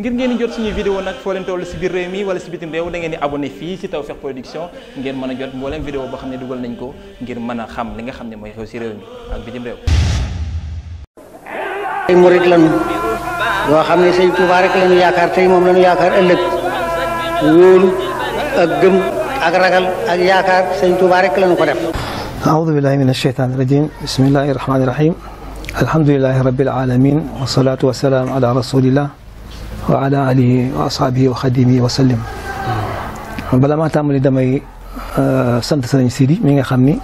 ngir ngeen di jot suñuy vidéo nag foo leen si biir réew mi wala si bitim réew da ngeen di abonné fii si Tawfekh Production ngeen mën a jot mbooleem vidéo boo xam ne dugal nañ ko ngir mën a xam li nga xam ne mooy xew si réew mi ak bitim réew ay murit lañu yoo xam ne sëñ Tuubaa rek lañu yaakaar tey moom lañu yaakaar ëllëg wóolu ak gëm ak ragal ak yaakaar sëñ Tuubaa rek lañu ko def aoudu billahi min asheytan irajim bismillahi rahmani rahim alhamdulilahi rabil alamin wasalatu wasalam ala rasulillah wa ala alihi wa ashaabihi wa xadimihi wa sallim bala maa tàmbali damay sant sëriñ Sidi mi nga xam ni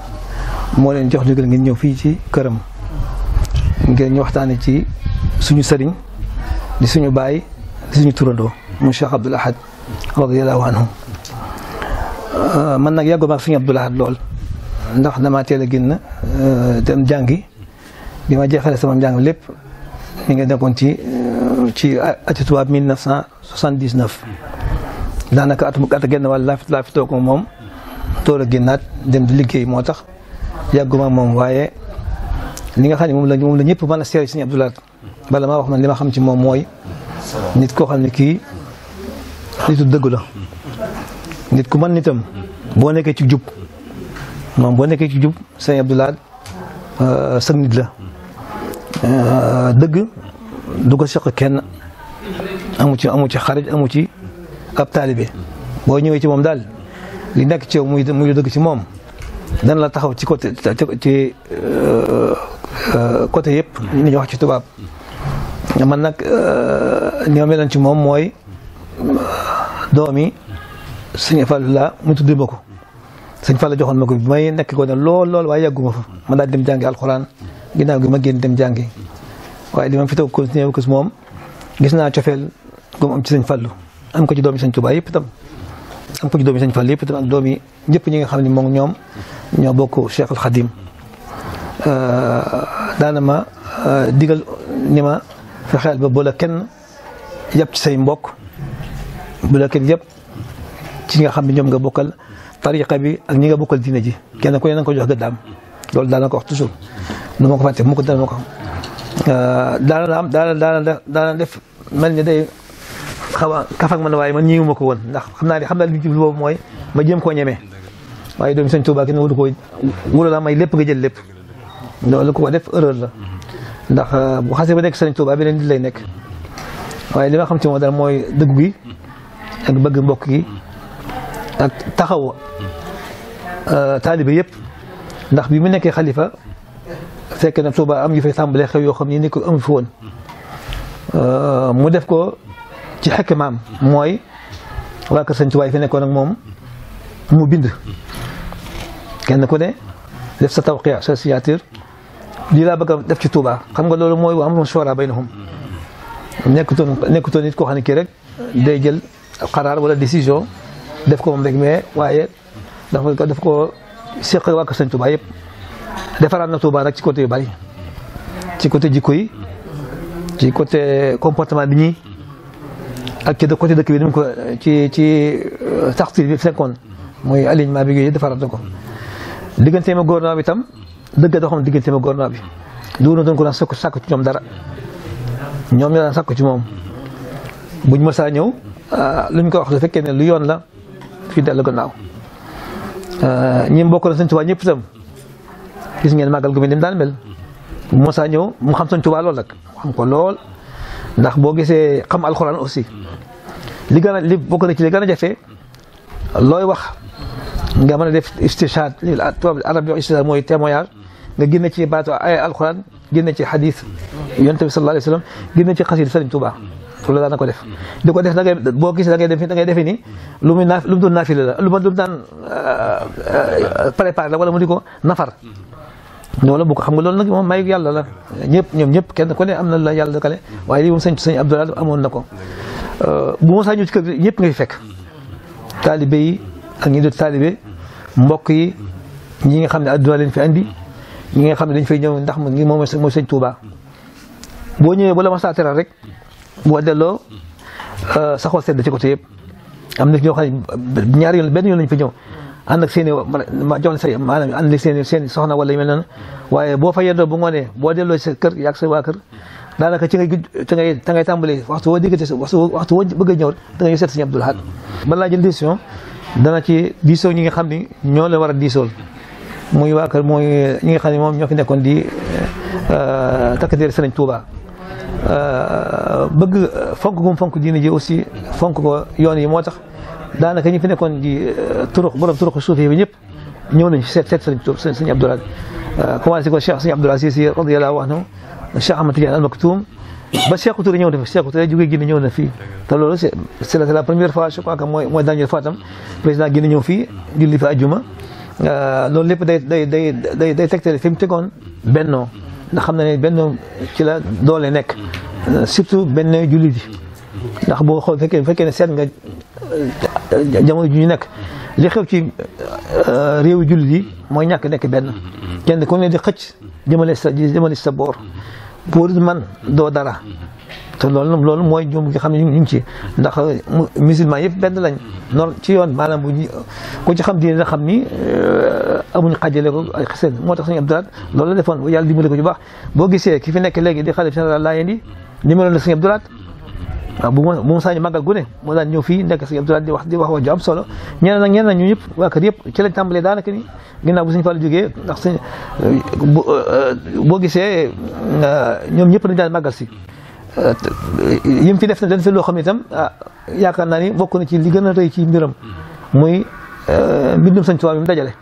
moo leen jox ndigal ngeen ñëw fii ci këram ngir ñu waxtaane ci suñu sëriñ di suñu baay di suñu turandoo mu Cheikh Abdoul Ahad radiyallahu anhu euh, man nag yàgguma ak suñu Ahad lool ndax damaa teel a génn euh, dem jàngi bi ma jeexale sama njàng lépp mi nga nekkoon ci ci ati tubaab 1979 daanaka at mu at genn wàll laa fi laa fi toog moom tool a génnaat dem di liggéey moo tax yàgguma moom waaye li nga xam ne moom la moom la ñëpp mën a seere Sëriñ Abdou Lahad bala maa wax man li ma xam ci moom mooy nit koo xam ne kii nitu dëgg la nit ku man nitam boo nekkee ci jub moom boo nekkee ci jub Sëriñ Abdou Lahad euh, sëg nit la euh, dëgg du ko seq kenn amu ci amu ci xarit amu ci ab taalibe boo ñëwee ci moom daal li nekk ci yow muy muy lu ci moom dana la taxaw ci côté ci euh, euh, côté yëpp li ñuy wax ci tubaab man nag euh, ñoo meloon ci moom mooy doomi sëñ fa la mu tudd ma ko sëñ Fallu joxoon ma ko bi may nekk ko ne lool lool waaye yàgguma fa ma daal dem jàngi alxuraan ginnaaw gi ma génn dem jàngi waaye li ma fi toog continué wu ko moom gis naa cofeel gu am ci seen Fallu am ko ci doomi sëñ Tuubaa yëpp itam am ko ci doomi sëñ Fallu yëpp itam ak doomi ñëpp ñi nga xam ne moom ñoom ñoo bokk Cheikhul Khadim euh, daana ma euh, digal ni ma fexeel ba bu la kenn yàpp ci say mbokk bu la kenn yàpp ci nga xam ne ñoom nga bokkal tariqa bi ak ñi nga bokkal diine ji kenn ku ne na ko jox gëddaam loolu daana ko wax nu ma ko fàtte mu ko ko daana am daana daana daana def mel ni day xaw a kafak man waaye man ñëwuma ko woon ndax xam naa ne xam naa li ñu jublu boobu mooy ma jéem koo ñemee waaye doomi sëñ Tuubaa kenn wutu ko wóor la may lépp nga jël lépp loolu ko def erreur la ndax euh, bu xasee ba nekk sëñ Tuubaa beneen nit lay nekk waaye li ma xam ci moom daal mooy dëggu gi ak bëgg mbokk gi ak taxaw euh, taalibe yëpp ndax bi mu nekkee xalifa fekk na Touba am yu fay tàmbalee xew yoo xam ni nekkul am fi euh, mu def ko ci xekk maam mooy waa Kër Sëñ Touba yi fi nekkoon ak moom mu bind kenn ku ne def sa tawqiya sa signature lii laa bëgg a def ci Touba xam nga loolu mooy wa amruhum shuuraa baynahum nekkutoon nekkutoon nit koo xam ne kii rek day jël xaraar wala décision def ko moom rek mais waaye dafa ko daf ko seq waa Kër Sëñ yëpp defaraat na Touba nag ci côté yu bari ci côté jikko ci côté comportement bi ñii ak ci côté dëkk bi ni mu ko ci ci euh, taxaw bi fekkoon mooy alignement bi yooyu defaraat na ko. digganteem ak gouvernement bi tam dëgg doxam digganteem ak gouvernement bi du na ko daan sakku sakku ci ñoom dara ñoom ñoo daan sakku ci moom buñ mësaa ñëw euh, luñ ko wax su fekkee ne lu yoon la fii dellu gannaaw euh, ñi mbokk na Sëñ Tuubaa ñëpp itam. gis ngeen màggal gu mel ni mu daan mel. Moussa ñëw mu xam Sëñ Tuubaa lool nag xam ko lool ndax boo gisee xam alxuraan aussi li gën a li bokk na ci li gën a jafe looy wax nga mën a def istishhad li tubaab arab yo istishhad mooy témoignage nga génne ci baatu ay alxuraan génne ci hadith yonent bi sallallahu alayhi wa sallam génne ci xasida Sëñ Tuubaa loolu daan na ko def di ko def da ngay boo gisee da ngay def da ngay defe ni lu muy naaf lu mu doon naafile la lu mu doon daan euh, euh, préparé la wala mu di ko nafar noonu bu ko xam nga loolu nag moom mayu yàlla la ñëpp ñoom ñëpp kenn ku ne am na la yàlla kale waaye li moom sëñ sëñ Abdoulaye amoon na ko euh, bu ma saa ñëw ci kër ñëpp ngay fekk taalibe yi ak ñi dut yi ñi nga xam ne àdduna leen fi andi ñi nga xam ne dañ fay ñëw ndax moom mooy sëñ Touba boo ñëwee ba la ma saa teral rek boo delloo euh, sa xol sedd ci côté yëpp am na ñoo ne ñaari yoon benn yoon lañ fi ñëw ànd ak seen i ma sa maanaam ànd seen seen soxna wala yu mel noonu waaye boo fa yeddoo bu ngoonee boo delloo sa kër yaag sa waa kër daanaka ci ngay ci ngay ta ngay tàmbalee waxtu woo diggante waxtu waxtu woo bëgg a ñëw da ngay seet sëñ Abdul Ahad mën laa jël dana ci diisoo ñi nga xam ni ñoo leen war a diisool muy waa kër muy ñi nga eh, xam ne eh, moom ñoo fi nekkoon di takkateer sëriñ Touba eh, bëgg fonk gum fonk diine ji aussi fonk ko yoon yi moo tax daanaka ñi fi nekkoon ji euh, turux borom turux suufi bi ñëpp ñëw nañ seet seet sëriñ Tuuba sëriñ Abdoul Aziz euh, commencé ko Cheikh sëriñ Abdoul Ahmad Tidiane Al Maktoum ba Cheikh Touré ñëw na fi Cheikh Touré jógee Guinée ñëw na fii te loolu c'est c'est la première fois je crois que mooy mooy dernière fois tam président Guinée ñëw fii fi àjjuma euh, loolu lépp day day day day day tegtale fi mu tegoon bennoo ndax xam na ne bennoo ci la doole nekk surtout benn jullit yi ndax boo xool fekkee fekkee ne seet nga jamono ju ñu nekk li xew ci euh, réew jullit yi mooy ñàkk nekk benn kenn ku ne di xëcc jëmale sa jëmale sa boor pour man doo dara te loolu loolu mooy ñoom nga xam ne ñu ngi ci ndax musulman yëpp benn lañ noonu ci yoon maanaam bu ñu ku ci xam diine la xam ni euh, amuñ xajale ko ay xiseen moo tax suñu Abdoulaye loolu la defoon yàlla dimbali ko bu baax boo gisee ki fi nekk léegi di xalif général Laayeen yi numéro la suñu Abdoulaye waaw bu ma bu ma sañu màggal gune moo daan ñëw fii nekk si Abdoulaye di wax di wax wax ju am solo ñeneen ak ñeneen ñu ñëpp waa kër yëpp ci lañ tàmbalee daanaka ni ginnaaw bu suñu fàllu boo gisee ñoom ñëpp dañ daan màggal si yim fi def na dañ fi loo xam ne tam yaakaar naa ni bokk na ci li gën a rëy ci mbiram muy mbindum Sëñ Tuubaa bi mu dajale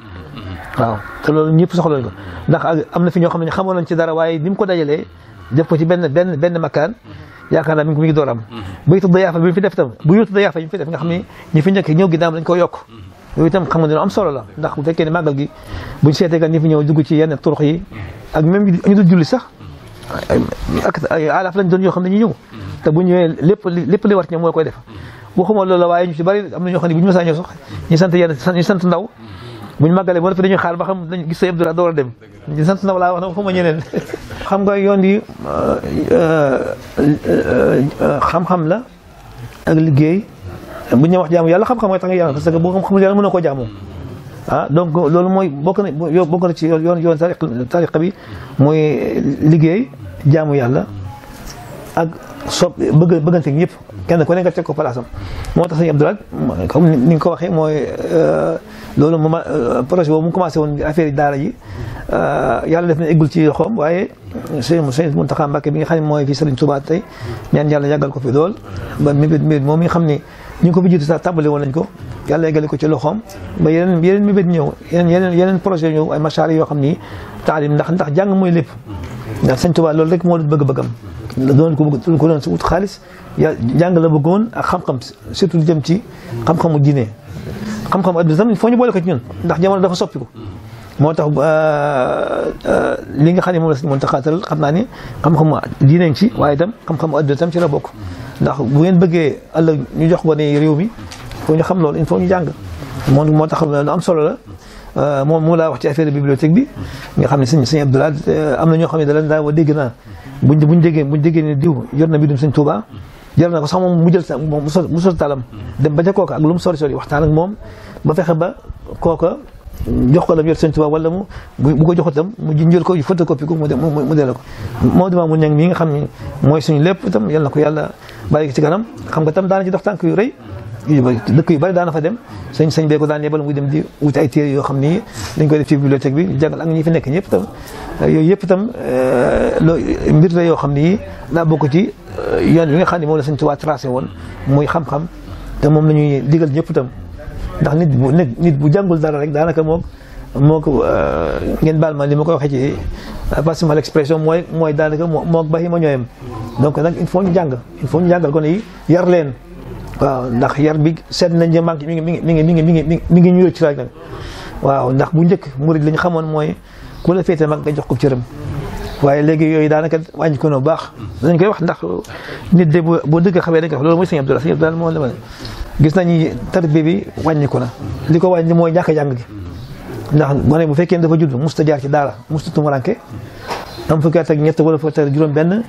waaw te loolu ñëpp soxla ko ndax am na fi ñoo xam ne xamoon nañ ci dara waaye ni ko dajalee def ko ci benn benn benn makkaan yaakaar naa mi ngi mi ngi door am baytu dayaafa bi fi def tam bu yuutu dayaafa yi fi def nga xam ne ñu fi njëkk ñëw gi daam dañ ko yokk yooyu itam xam nga dina am solo la ndax bu fekkee ne màggal gi buñ seetee gan ñi fi ñëw dugg ci yenn turux yi ak même ñu dul julli sax ak ay alaaf lañ doon yoo xam ne ñu ñëw te bu ñëwee lépp lépp li war ci ñoom moo koy def waxuma loolu la waaye ñu ci bari am na ñoo xam ne bu ñu mësaa ñëw sax sant yenn ñu sant ndaw buñ màggalee ba dafa dañuy xaar ba xam dañ gis Sëñ door a dem ñu sant na walaa wax na xuma xam nga yoon yi euh, euh, xam-xam la ak liggéey bu ñu wax jaamu yàlla xam-xam mooy tax nga yàlla parce que boo xam-xam yàlla mën na koo jaamu ah donc loolu mooy bokk na bokk na ci yoon yoon tariqa bi mooy liggéey jaamu yàlla sopp bëgga bëgganteeg ñëpp kenn ku ne nga teg ko place moo tax sëñ Abdoulaye comme ni nga ko waxee mooy euh, loolu moom euh, projet boobu mu commencé woon affaire yi daara ji euh, def na eggul ci loxoom waaye sëñ sëñ Mountakha Mbacké bi nga xam ne mooy fii Serigne Touba tey ñaan yàlla yàggal ko fi lool ba mébét bi moom mi nga xam ni ñu ngi ko fi jiitu sax tàmbali woon nañ ko yàlla yeggale ko ci loxoom ba yeneen mi mébét ñëw yeneen yeneen projet ñëw ay machaari yoo xam ni taalim ndax ndax jàng mooy lépp ndax sëñ Touba loolu rek moo bëgg-bëggam la doon ko bëgg ko doon si wut xaalis ya jàng la bëggoon ak xam-xam surtout lu jam ci xam-xamu diine xam-xamu adduna tamit foo ñu boole ko ci ñun ndax jamono dafa soppiku moo tax euh, euh, li nga xam ne moom la xam naa ni xam-xamu diine ci waaye itam xam-xamu adduna tam ci la bokk ndax bu ngeen bëggee ëllëg ñu jox gone réew mi xam loolu il faut ñu jàng moo moo tax lu am solo la Euh, moom moo laa wax ci affaire bibliothèque bi nga xam ne sëñ sëñ Abdoulaye euh, am na ñoo xam ne da leen daa wa dégg na buñ buñ déggee buñ déggee ne diw yor na bindum sëñ Touba jël na ko sax moom mu jël sa moom mu sol talam dem ba ca kooka ak lu mu sori waxtaan ak moom ma fexe ba kooka jox ko lam yor sëñ Touba wala mu bu ko tam mu jël ko yu photocopie ko mu mu delloo ko moo dima mu ñang mii nga xam ne mooy suñu lépp itam yal na ko yàlla bàyyi ko ci kanam xam nga tam daana ci dox tànk yu rey dëkk yu bëri daana fa dem sëñ sëñ bee ko daan yebal muy dem di wuti ay téere yoo xam ni dañ koy def ci bi jàngal ak ñi fi nekk ñëpp itam yooyu yëpp itam eh, loo mbir la yoo xam ni daa bokk ci eh, yoon bi nga xam ne moom la sëñ Tuubaa tracé woon muy xam-xam te moom la ñuy digal ñëpp itam ndax nit bu nekk nit bu jàngul dara rek daanaka moom moo ko eh, ngeen baal ma li ma ko waxee ci parce que l'expression mooy mooy daanaka moo moo bàyyi ma ñooyam donc nag il faut ñu jàng il faut ñu jàngal ko ne yar leen waaw ndax yar bi seet nañ ne manqué mi ngi mi ngi mi ngi mi ngi mi ngi mi ngi ñëw ci laaj waaw ndax bu njëkk murid li ñu xamoon mooy ku la féete mag nga jox ko cëram waaye léegi yooyu daanaka wàññi ko no baax dañ koy wax ndax nit de boo dëgg xamee dañ koy wax loolu mooy sëñ Abdoulaye sëñ Abdoulaye moo demal gis nañu tarbi bi wàññi ko na li ko wàññi mooy ñàkk jàng gi ndax gone bu fekkee dafa judd musta jaar ci daara musta tumuranke am fukki at ak ñett wala fukki at ak juróom benn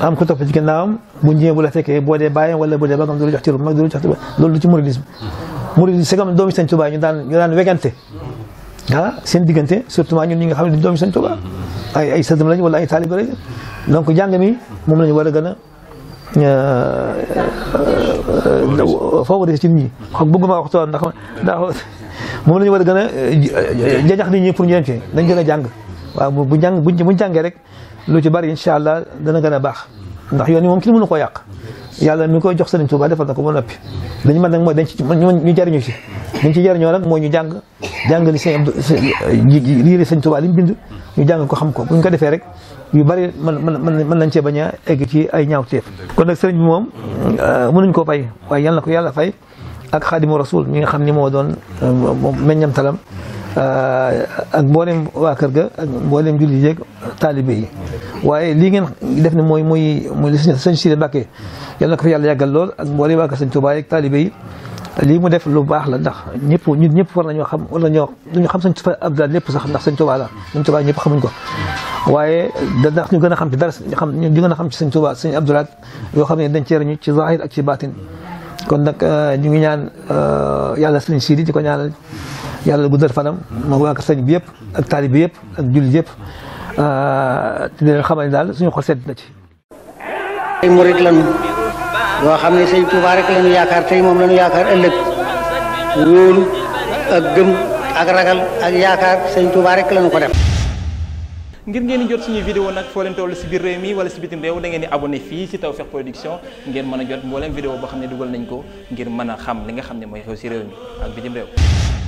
am ku topp ci ginnaawam bu ñëwee bu la fekkee boo dee bàyyam wala boo dee bagam du la jox cër bu mag du la jox loolu du ci mouridisme mouridisme segam doomi Sëñ Tuubaa ñu daan ñu daan wegante ah seen diggante surtout ñun ñi nga xam ne duñ doomi Sëñ Tuubaa ay ay sëddam lañ wala ay taalibe lañ donc jàng mi moom lañu war a gën a euh, euh, favoriser ci nit ñi xam bëgguma waxtaan ndax ndax moom lañu war a gën a euh, jañax nit ñi pour ñu dem ci dañ gën a jàng waaw bu jàng bu jàngee rek lu ci bari incha allah dana gën a baax ndax yoon moom kenn mënu ko yàq yàlla mi koy jox Sëriñ Tuubaa defal na ko ba noppi dañu mën nag mooy dañ ci ñu jariñu ci dañ ci jariñoo nag moo ñu jàng jàngali sëñ Abdu liiri Sëriñ Tuubaa li mu bind ñu jàng ko xam ko buñ ko defee rek yu bari mën mën mën nañ cee bañ a egg ci ay ñaawteef kon nag sëriñ bi moom euh, mënuñ ko fay waaye yàlla na ko yàlla fay ak xaadimu rasul mi nga xam ni moo doon euh, meññam talam ak mboolem waa kër ga ak mboolem jullit yeeg taalibe yi waaye lii ngeen def ne mooy mooy mooy sëñ Sidi Mbacke yal na ko fi yàlla yàggal lool ak mboolem waa kër sëñ Touba yeeg taalibe yi lii mu def lu baax la ndax ñëpp ñun ñëpp war nañoo xam war nañoo duñu xam sëñ Touba Abdoulaye lépp sax ndax sëñ Touba la sëñ Touba ñëpp xamuñ ko waaye da ndax ñu gën a xam ci dara xam ñu gën a xam ci sëñ Touba sëñ Abdoulaye yoo xam ne dañ cee ñu ci zahir ak ci baatin kon nag euh, ñu ngi ñaan euh, yàlla sëñ Sidi di ko ñaanal yàlla bu dër fanam moom waa sañ bi yëpp ak taalibe yëpp ak jullit yëpp te euh, leen xamal ne daal suñu xol sedd na ci. ay murit lañu xam ne sëñ Tuubaa yaakaar tey moom lañu yaakaar ëllëg wóolu ak gëm ak ragal ak yaakaar sëñ Tuubaa rek lañu ko def. ngir ngeen di jot suñu vidéo nag foo leen toll si biir réew mi wala si bitim réew da ngeen di abonné fii si Tawfekh Production ngeen mën a jot mbooleem vidéo boo xam ne dugal nañ ko ngir mën a xam li nga xam ne mooy xew si réew mi ak bitim réew